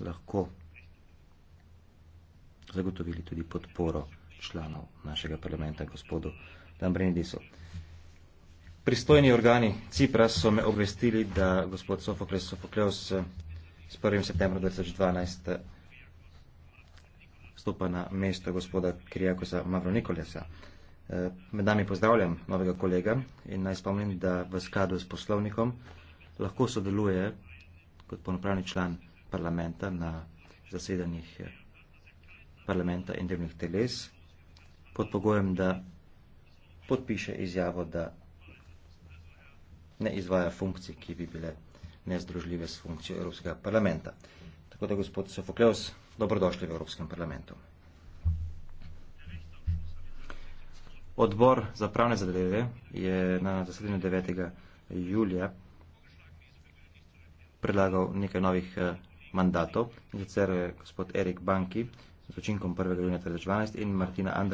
lahko zagotovili tudi podporo članov našega parlamenta, gospodu Dambrenidisu. Pristojni organi Cipra so me obvestili, da gospod Sofokles Sofokleus s 1. septembra 2012 stopa na mesto gospoda Kirijakosa Mavronikolesa. Med nami pozdravljam novega kolega in naj spomnim, da v skladu s poslovnikom lahko sodeluje kot ponopravni član parlamenta na zasedanjih eh, parlamenta in delovnih teles, pod pogojem, da podpiše izjavo, da ne izvaja funkcij, ki bi bile nezdružljive s funkcijo Evropskega parlamenta. Tako da, gospod Sofokleus, dobrodošli v Evropskem parlamentu. Odbor za pravne zadeve je na zasedanju 9. julija predlagal nekaj novih eh, mandatov, in sicer gospod Erik Banki z učinkom 1. junija 2012 in Martina Andrej.